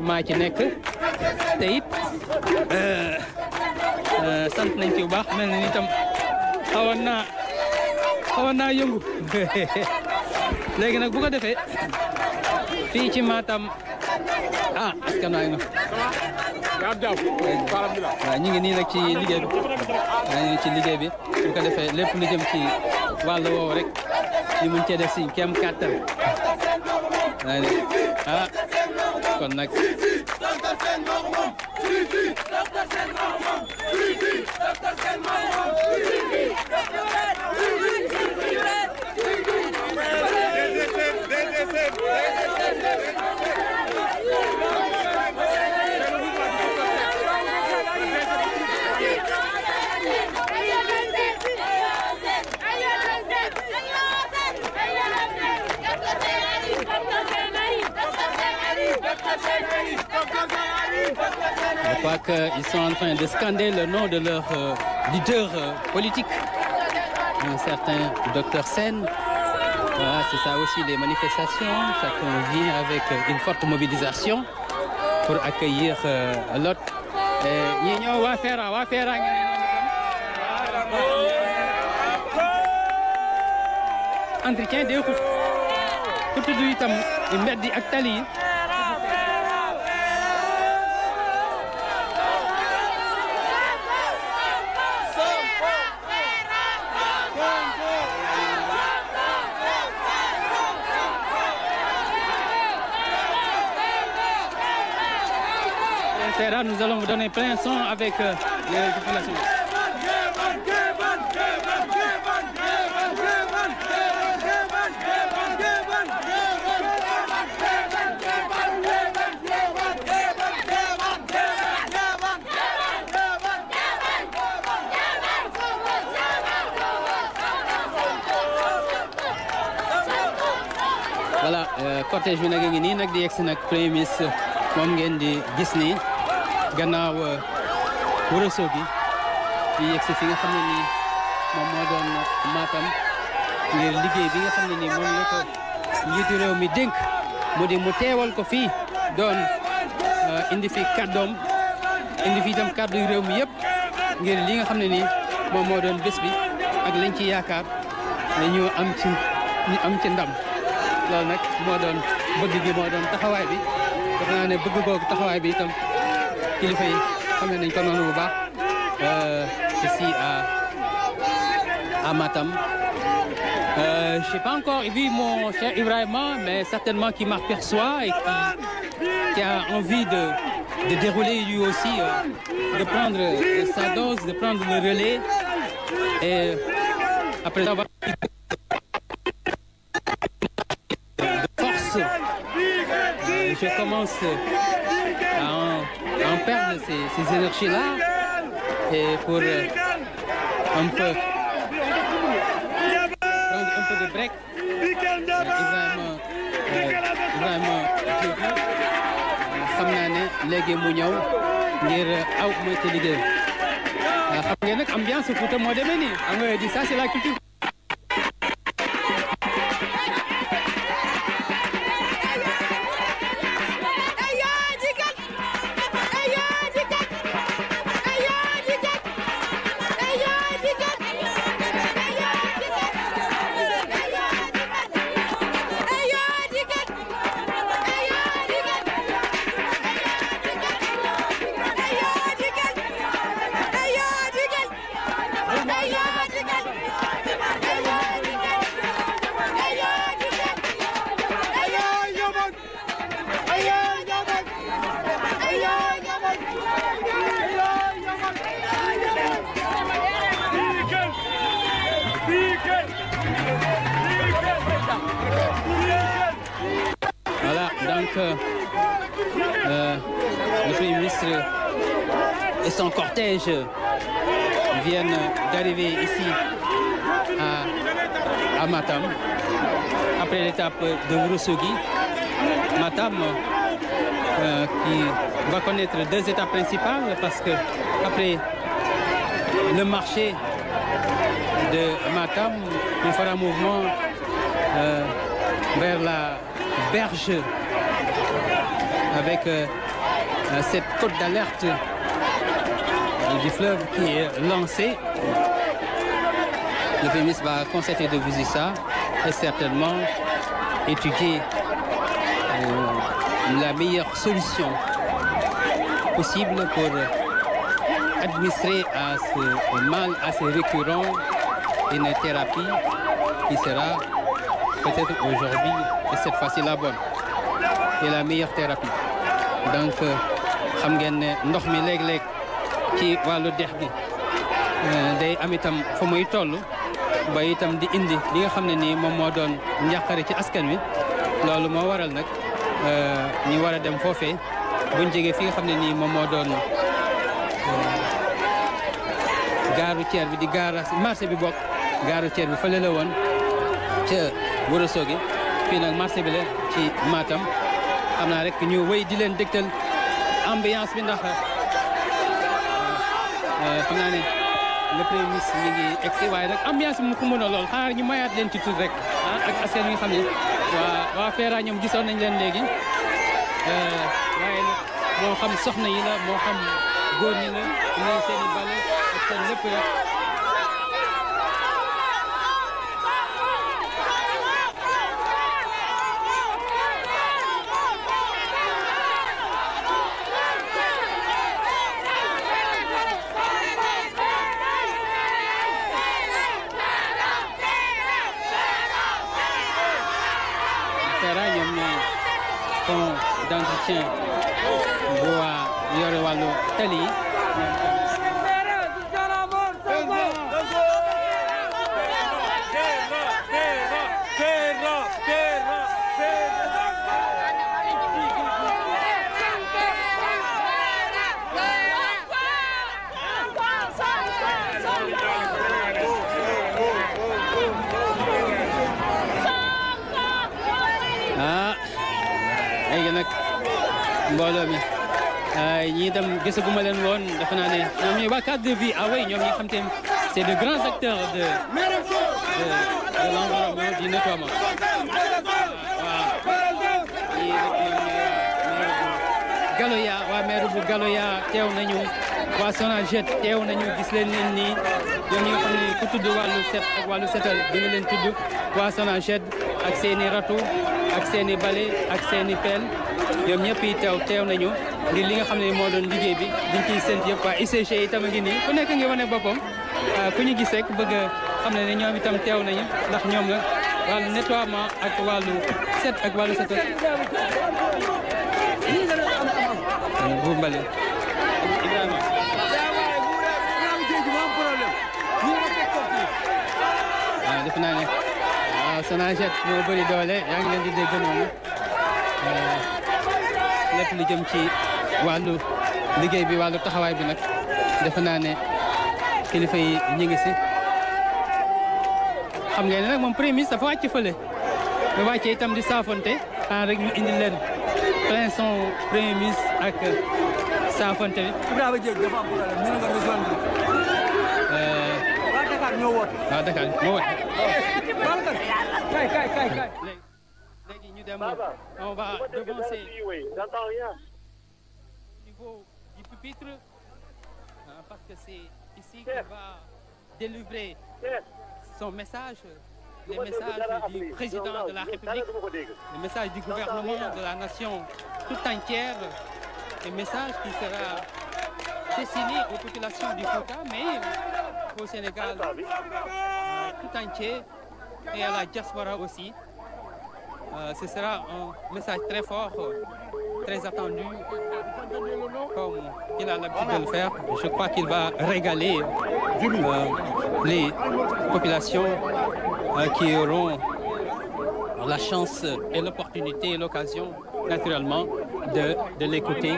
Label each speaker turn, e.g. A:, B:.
A: maa ci nekk te it euh, euh, sant nañ ci bu baax mel na ni tam xawoon naa xawoon naa yëngu léegi nag bu ko defee fii ci Matam ah askan waa ngi waaw ñu ngi nii nag ci liggéey bi waaw ci liggéey bi defee lépp lu jëm ci wàll woowu rek ñu mun cee def si kem kàttan ah kon nag Docteur Sène moo ko moom crois qu'ils euh, sont en train de scander le nom de leur euh, leader euh, politique, un certain docteur Sen. Voilà, c'est ça aussi les manifestations. Ça convient avec euh, une forte mobilisation pour accueillir l'autre. ñi ñëw waa Feera waa Feera ngi entretien des routes pour tudd itam mbedd yi ak tali yi terrain, nous allons vous donner plein son avec euh, les populations. voilà euh, cortège bi nag a ngi nii nag di yegsi nag premier ministre moom ngeen di gis nii gannaaw euh, wërësoo gi di yegsi fi nga xam ne nii moom moo doon Matam ngir liggéey bi nga xam ne ni moom la réew mi dénk mu di mu teewal ko fii doon euh, indi fi kàddoom indi fi itam kàddu réew mi yëpp ngir li nga xam ne nii moom moo doon bés bi ak lañ ci yaakaar ñu am ci am ci ndam loolu nag moo doon bëgg gi moo doon taxawaay bi dafa naa ne bëgg googu taxawaay bi itam kilifa yi xam ne nañ bu baax euh, ici à, à Matam. Euh, je n'ai pas encore vu mon cher Ibrahima, mais certainement qui m'aperçoit et qui, a envie de, dérouler lui aussi, euh, de prendre sa dose, de prendre le relais. Et après avoir je commence perdre ces, ces énergies-là et pour euh, un peu prendre un peu de break. Ibrahima Ibrahima Diop xam naa ne léegi mu ñëw ngir aw mooy ci liggéey xam ngeen nag ambiance Fouta moo demee nii xam nga di ça c'est la culture. Donc, euh, euh, le Premier ministre et son cortège viennent d'arriver ici à, Matam, après l'étape de Wurusugi. Matam, euh, qui va connaître deux étapes principales parce que après le marché de Matam, on fera un mouvement euh, vers la berge avec euh, euh, cette côte d'alerte du fleuve qui est lancée. Le féministe va constater de viser ça et certainement étudier euh, la meilleure solution possible pour administrer à ces récurrents, une thérapie qui sera peut-être aujourd'hui, et cette fois-ci bonne, et la meilleure thérapie. donc euh, xam ngeen ne ndox mi léeg-léeg ci wàllu dex gi euh, day am itam fu muy toll ba itam di indi li nga xam ne nii moom moo doon njàqare ci askan wi loolu moo waral nag euh, ñu war a dem foofee buñ jegee fi nga xam ne nii moom moo doon gaaru ceer bi di gaara marché bi bokk gaaru ceer bi fële la woon ca Ourossogui fii nag marché bi la ci maatam xam naa rek ñu wéy di leen dégtal ambiance bi ndax euh, xam naa ne le premier ministre mi ngi waaye nag ambiance bi mu ko mën a lool xaar ñu mayaat leen ci tuuti rek ah ak askan wi nga xam ne waa waa Feera ñoom gisoon nañ leen léegi euh, waaye nag moo xam soxna yi la moo xam góor ñi la ñu seen i bale ak seen lépp d'entretien bu waa yore wàllu tali yi mbooloo mi ñii itam gisaguma leen woon defe naa ne ñoom ñooy waa cadre de vie ah ñoom ñi xam te c' est de grands acteurs de de de l' environnement du nettoiement waaw ñii rek ñoom ñooy Galoya waa maire bu Galoya teew nañu waa Sonaget teew nañu gis leen leen nii ñoom ñi nga xam ne ku tudd wàllu set ak wàllu setal di nga leen tudd waa Sonaget ak seen i ratu ak seen i bale ak seen i pelle ñoom ñëpp yi teew teew nañu ngir li nga xam ne moo doon liggéey bi di ciy sént yëpp waa UCG itam a ngi nii ku nekk ngi wane boppam ah, ku ñu gis rek bëgg xam ne ni ñoom itam teew nañu ndax ñoom la wàllu nettoiement ak waaw ah, def naa ne waaw ah, Sonaged moo bëri doole yaa ngi leen di dégg noonu la lu jëm ci wàllu liggéey bi wàllu taxawaay bi nag defe naa ne kilifa yi ñu ngi si xam ngeen ne nag moom premier ministre dafa wàcc fële ba wàccee itam di saafonte xanaa rek ñu indi leen plein son premier ministre ak saafonte bi. Ibrahima Dieng dafa ñu ne euh, waa Dakar kay kay. évidemment. On va devancer. Au parce que c'est ici de la République, le message du gouvernement de la nation tout entière, le message qui sera destiné aux populations du Fouta, mais au Sénégal euh, tout entier et à la diaspora aussi. Euh, ce sera un message très fort, euh, très attendu, comme il a l'habitude de le faire. Je crois qu'il va régaler euh, les populations euh, qui auront la chance et l'opportunité et l'occasion, naturellement, de, de l'écouter.